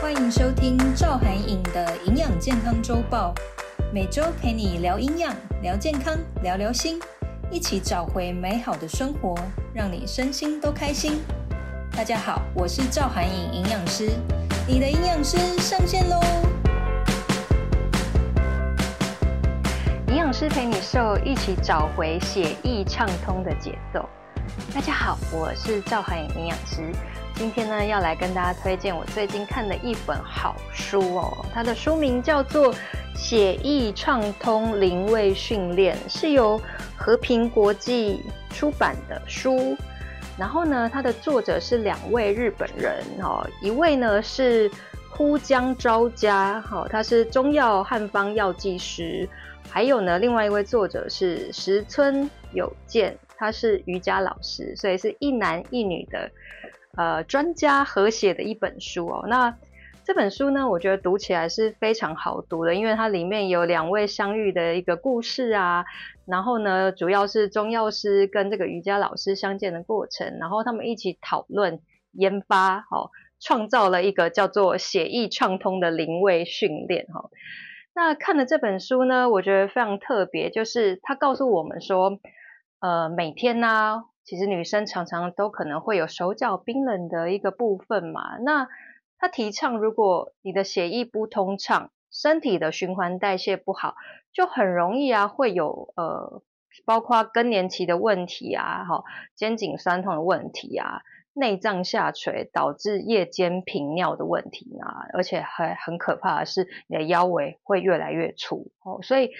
歡迎收聽趙函穎的營養健康週報，每周陪你聊營養、聊健康、聊聊心，一起找回美好的生活，讓你身心都開心。大家好，我是趙函穎營，營養師，你的營養師上線嘍！營養師陪你瘦，一起找回血液暢通的節奏。大家好，我是趙函穎營養養師。今天呢，要來跟大家推薦我最近看的一本好書哦。它的書名叫做《血液暢通零位訓練》，是由和平國際出版的書。然後呢，它的作者是兩位日本人哦，一位呢是呼江昭佳，好，他是中藥漢方藥劑師。還有呢，另外一位作者是石村友見。他是瑜伽老師，所以是一男一女的，呃，專家合寫的一本書哦。那這本書呢，我覺得讀起來是非常好讀的，因為它裡面有兩位相遇的一個故事啊，然後呢，主要是中藥師跟這個瑜伽老師相見的過程，然後他們一起討論研發，好、哦，創造了一個叫做血“血液暢通”的零位訓練哦。那看了這本書呢，我覺得非常特別，就是他告訴我們說。呃，每天呢、啊，其實女生常常都可能會有手腳冰冷的一個部分嘛。那他提倡，如果你的血液不通暢，身體的循環代謝不好，就很容易啊，會有呃，包括更年期的問題啊，哈、哦，肩頸痠痛的問題啊，內臟下垂導致夜間頻尿的問題啊，而且還很可怕的是，你的腰圍會越來越粗哦，所以。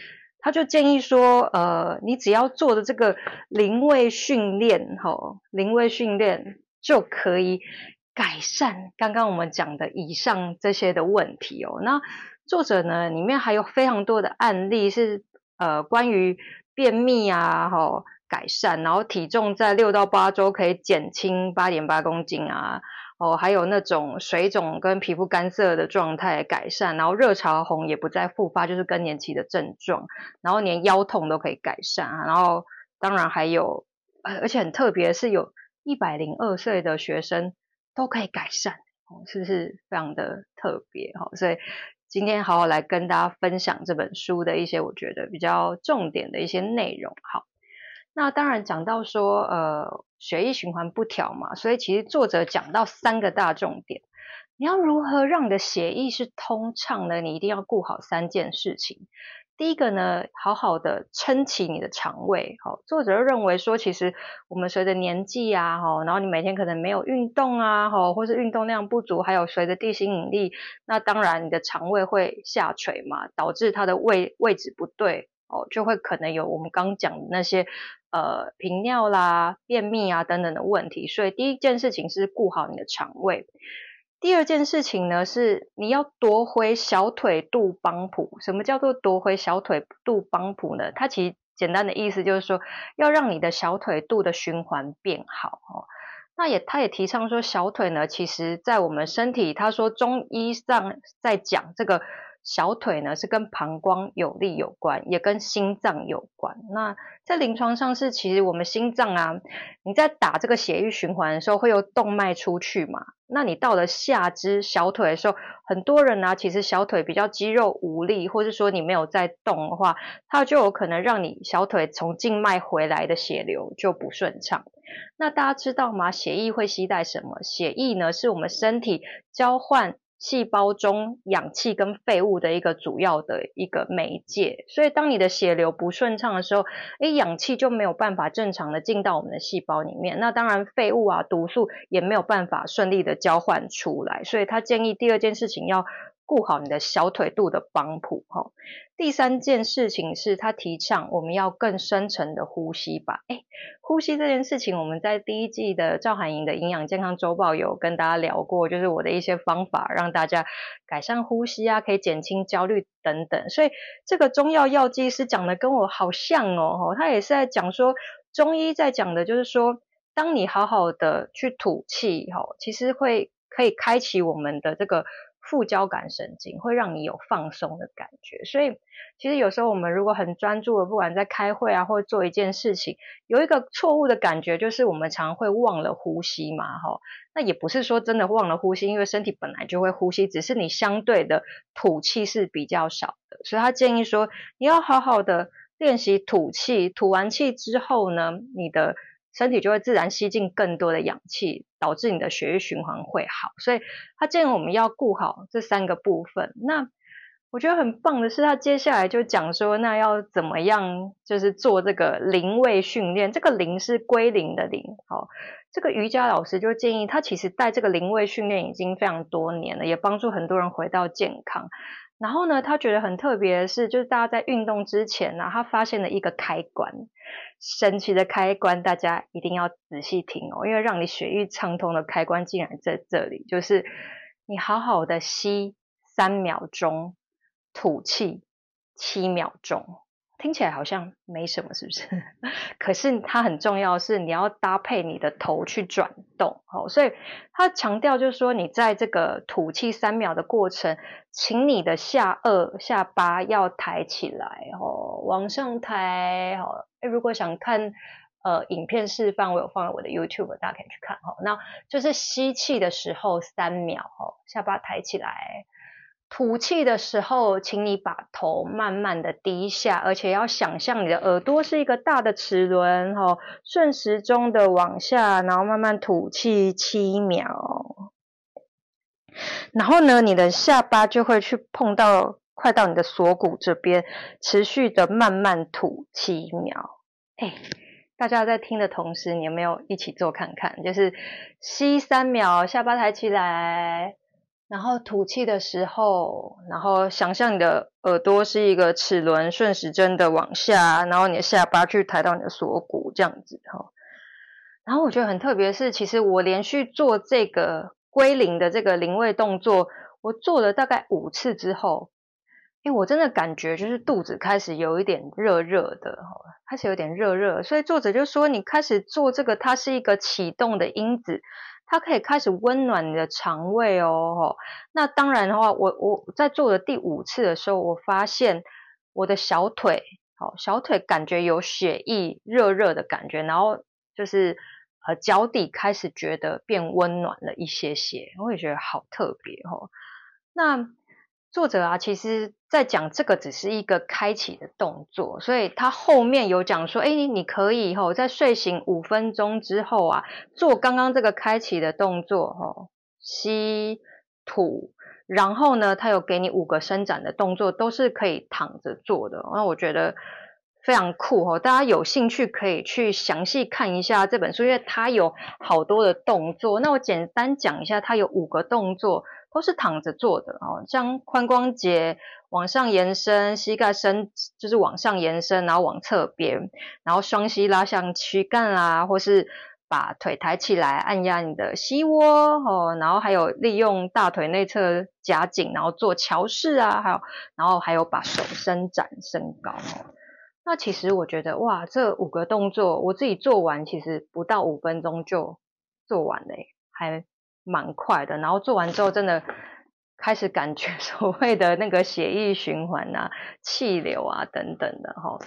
他就建議說，呃，你只要做的這個零位訓練，哈、喔，零位訓練就可以改善剛剛我們講的以上這些的問題哦、喔。那作者呢，裡面還有非常多的案例是，呃，關於便秘啊，哈、喔，改善，然後體重在六到八周可以減輕八點八公斤啊。哦，還有那種水腫跟皮膚乾澀的狀態改善，然後熱潮紅也不再復發，就是更年期的症狀，然後連腰痛都可以改善啊。然後當然還有，呃，而且很特別是有一百零二歲的學生都可以改善，哦、是不是非常的特別哈、哦？所以今天好好來跟大家分享這本書的一些我覺得比較重點的一些內容，好、哦。那當然講到說，呃，血液循環不調嘛，所以其實作者講到三個大重點，你要如何讓你的血液是通暢呢？你一定要顧好三件事情。第一個呢，好好的撐起你的腸胃。好、哦，作者認為說，其實我們隨着年紀啊，哈、哦，然後你每天可能沒有運動啊，哈、哦，或是運動量不足，還有隨着地心引力，那當然你的腸胃會下垂嘛，導致它的位位置不對，哦，就會可能有我們剛講的那些。呃，頻尿啦、便秘啊等等的問題，所以第一件事情是顧好你的腸胃，第二件事情呢是你要奪回小腿肚幫浦。什麼叫做奪回小腿肚幫浦呢？它其實簡單的意思就是說，要讓你的小腿肚的循環變好哦。那也，他也提倡說，小腿呢，其實在我們身體，他說中醫上在講這個。小腿呢是跟膀胱有力有關，也跟心臟有關。那在臨床上是，其實我們心臟啊，你在打這個血液循環的時候，會有動脈出去嘛？那你到了下肢小腿的時候，很多人啊，其實小腿比較肌肉無力，或者是說你沒有在動的話，它就有可能讓你小腿從靜脈回來的血流就不順暢。那大家知道嗎？血液會攜帶什麼？血液呢，是我們身體交換。細胞中氧氣跟廢物的一個主要的一個媒介，所以當你的血流不順暢的時候，誒，氧氣就沒有辦法正常的進到我們的細胞裡面，那當然廢物啊、毒素也沒有辦法順利的交換出來，所以他建議第二件事情要。顧好你的小腿肚的幫浦，哈、哦。第三件事情是，他提倡我們要更深層的呼吸吧。哎，呼吸這件事情，我們在第一季的趙函穎的營養健康週報有跟大家聊過，就是我的一些方法，讓大家改善呼吸啊，可以減輕焦慮等等。所以這個中藥藥劑師講的跟我好像哦，哦，他也是在講說中醫在講的，就是說當你好好的去吐氣哈、哦，其實會可以開啟我們的這個。副交感神經會讓你有放鬆的感覺，所以其實有時候我們如果很專注的，不管在開會啊，或做一件事情，有一個錯誤的感覺就是我們常會忘了呼吸嘛、哦，吼，那也不是說真的忘了呼吸，因為身體本來就會呼吸，只是你相對的吐氣是比較少的，所以他建議說你要好好的練習吐氣，吐完氣之後呢，你的。身體就會自然吸進更多的氧氣，導致你的血液循環會好。所以，他建議我們要顧好這三個部分。那我覺得很棒的是，他接下來就講說，那要怎麼樣就是做這個零位訓練。這個零是歸零的零。好、哦，這個瑜伽老師就建議他其實帶這個零位訓練已經非常多年了，也幫助很多人回到健康。然後呢，他覺得很特別的是，就是大家在運動之前呢、啊，他發現了一個開關。神奇的開關，大家一定要仔細聽哦，因為讓你血液暢通的開關竟然在這裡，就是你好好的吸三秒鐘，吐氣七秒鐘。聽起來好像沒什麼，是不是？可是它很重要，是你要搭配你的頭去轉動哦。所以他強調就是說，你在這個吐氣三秒的過程，請你的下顎、下巴要抬起來哦，往上抬哦。哎，如果想看呃影片示範，我有放在我的 YouTube，大家可以去看哈。那就是吸氣的時候三秒哦，下巴抬起來。吐氣的時候，請你把頭慢慢的低下，而且要想象你的耳朵是一個大的齒輪，齁，順時鐘的往下，然後慢慢吐氣七秒。然後呢，你的下巴就會去碰到，快到你的鎖骨這邊，持續的慢慢吐七秒。哎，大家在聽的同時，你有沒有一起做看看？就是吸三秒，下巴抬起來。然後吐氣的時候，然後想象你的耳朵是一個齒輪，順時針的往下，然後你的下巴去抬到你的鎖骨這樣子哈。然後我覺得很特別是，其實我連續做這個歸零的這個零位動作，我做了大概五次之後。我真的感覺就是肚子開始有一點熱熱的，哈，開始有點熱熱的，所以作者就說，你開始做這個，它是一個啟動的因子，它可以開始溫暖你的腸胃哦。那當然的話，我我在做的第五次的時候，我發現我的小腿，哦，小腿感覺有血液熱熱的感覺，然後就是呃腳底開始覺得變溫暖了一些些，我也覺得好特別哦。那。作者啊，其實，在講這個只是一個開啟的動作，所以他後面有講說，哎，你可以吼、哦、在睡醒五分鐘之後啊，做剛剛這個開啟的動作吼、哦、吸吐，然後呢，他有給你五個伸展的動作，都是可以躺着做的。那我覺得非常酷吼、哦，大家有興趣可以去詳細看一下這本書，因為它有好多的動作。那我簡單講一下，它有五個動作。都是躺着做的哦，像髖關節往上延伸，膝蓋伸就是往上延伸，然後往側邊，然後雙膝拉向軀幹啊，或是把腿抬起來按壓你的膝窩哦，然後還有利用大腿內側夾緊，然後做橋式啊，還有，然後還有把手伸展升高。那其實我覺得哇，這五個動作我自己做完，其實不到五分鐘就做完了，還。蠻快的，然後做完之後，真的開始感覺所謂的那個血液循環啊、氣流啊等等的哈。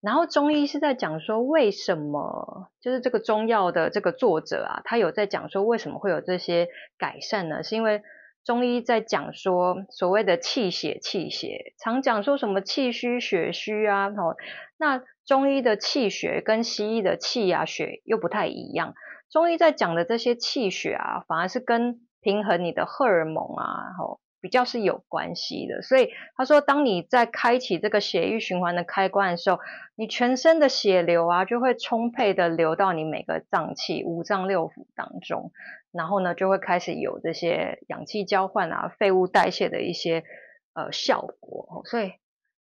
然後中醫是在講說，為什麼就是這個中藥的這個作者啊，他有在講說為什麼會有這些改善呢？是因為中醫在講說所謂的氣血、氣血，常講說什麼氣虛、血虛啊。吼，那中醫的氣血跟西醫的氣啊、血又不太一樣。中醫在講的這些氣血啊，反而是跟平衡你的荷爾蒙啊，然後，齁，比較是有關係的。所以他說，當你在開啟這個血液循環的開關的時候，你全身的血流啊，就會充沛的流到你每個臟器、五臟六腑當中，然後呢，就會開始有這些氧氣交換啊、廢物代謝的一些呃效果。所以，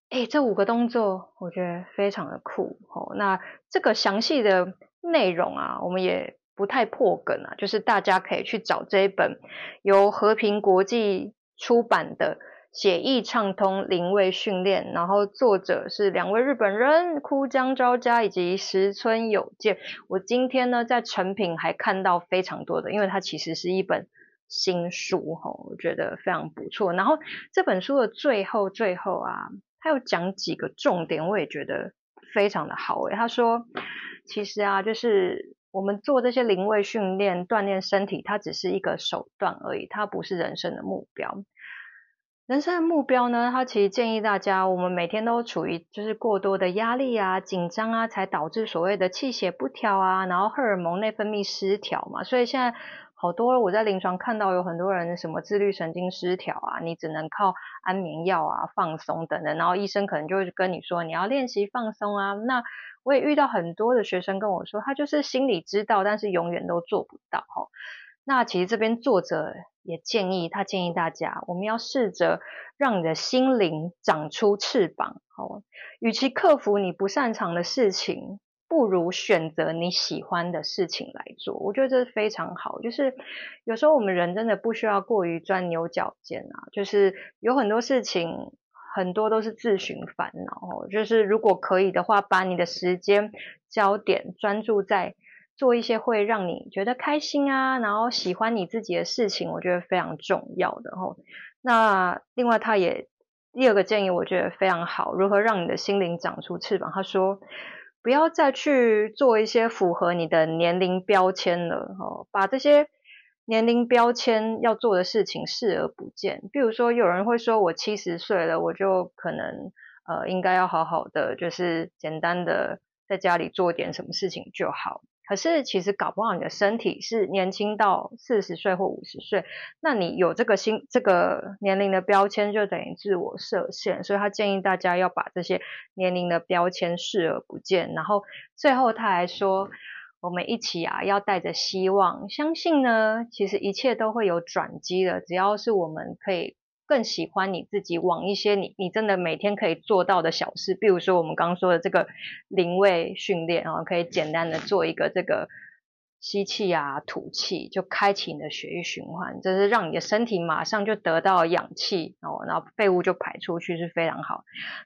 誒，這五個動作我覺得非常的酷。哦，那這個詳細的內容啊，我們也。不太破梗啊，就是大家可以去找這一本由和平國際出版的《血液暢通零位訓練》，然後作者是兩位日本人：堀江昭佳以及石村友見。我今天呢在誠品還看到非常多的，因為它其實是一本新書哈，我覺得非常不錯。然後這本書的最後最後啊，它有講幾個重點，我也覺得非常的好誒、欸、他說，其實啊，就是。我們做這些零位訓練、鍛鍊身體，它只是一個手段而已，它不是人生的目標。人生的目標呢，它其實建議大家，我們每天都處於就是過多的壓力啊、緊張啊，才導致所謂的氣血不調啊，然後荷爾蒙內分泌失調嘛，所以現在。好多我在臨床看到有很多人什麼自律神經失調啊，你只能靠安眠藥啊、放鬆等等，然後醫生可能就會跟你說你要練習放鬆啊。那我也遇到很多的學生跟我說，他就是心裡知道，但是永遠都做不到。那其實這邊作者也建議，他建議大家，我們要試着讓你的心靈長出翅膀。好，與其克服你不擅長的事情。不如選擇你喜歡的事情來做，我覺得這是非常好。就是有時候我們人真的不需要過於鑽牛角尖啊。就是有很多事情，很多都是自尋煩惱。就是如果可以的話，把你的時間焦點專注在做一些會讓你覺得開心啊，然後喜歡你自己的事情，我覺得非常重要的。哈，那另外他也第二個建議，我覺得非常好，如何讓你的心靈長出翅膀？他說，不要再去做一些符合你的年齡標籤了，哦，把這些年齡標籤要做的事情視而不見。比如說，有人會說我七十歲了，我就可能呃應該要好好的，就是簡單的在家裡做點什麼事情就好。可是，其實搞不好你的身體是年輕到四十歲或五十歲，那你有這個心，這個年齡的標籤，就等於自我設限。所以他建議大家要把這些年齡的標籤視而不見。然後最後他還說，我們一起啊，要帶着希望，相信呢，其實一切都會有轉機的，只要是我們可以。更喜歡你自己往一些你你真的每天可以做到的小事，比如說我們剛剛說的這個零位訓練啊，可以簡單的做一個這個。吸氣啊，吐氣就開啟你的血液循環，就是讓你的身體馬上就得到氧氣哦，然後廢物就排出去是非常好。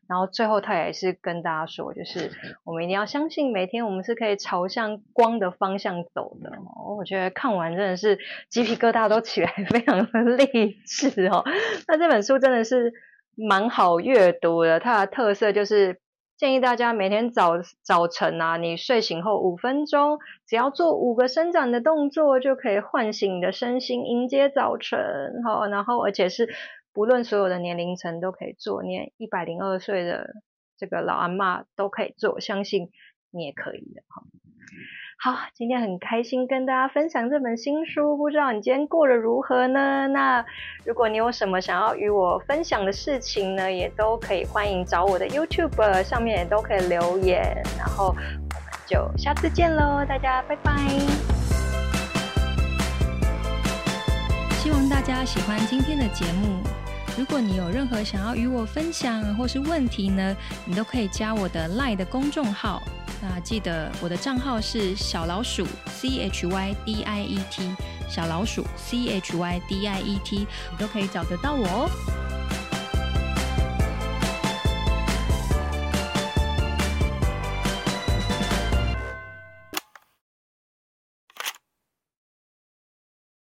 然後最後他也是跟大家說，就是我們一定要相信，每天我們是可以朝向光的方向走的。哦，我覺得看完真的是雞皮疙瘩都起來，非常的勵志哦。那這本書真的是蠻好閱讀的，它的特色就是。建議大家每天早早晨啊，你睡醒後五分鐘，只要做五個伸展的動作，就可以喚醒你的身心，迎接早晨。好，然後而且是不論所有的年齡層都可以做，連一百零二歲的這個老阿嬤都可以做，相信。你也可以的，哦。好，今天很開心跟大家分享這本新書，不知道你今天過得如何呢？那如果你有什麼想要與我分享的事情呢，也都可以歡迎找我的 YouTube 上面也都可以留言，然後我們就下次見嘍，大家拜拜。希望大家喜歡今天的節目。如果你有任何想要與我分享或是問題呢，你都可以加我的 Line 的公眾號。那記得我的賬號是小老鼠 CHYDIET，小老鼠 CHYDIET，你都可以找得到我哦。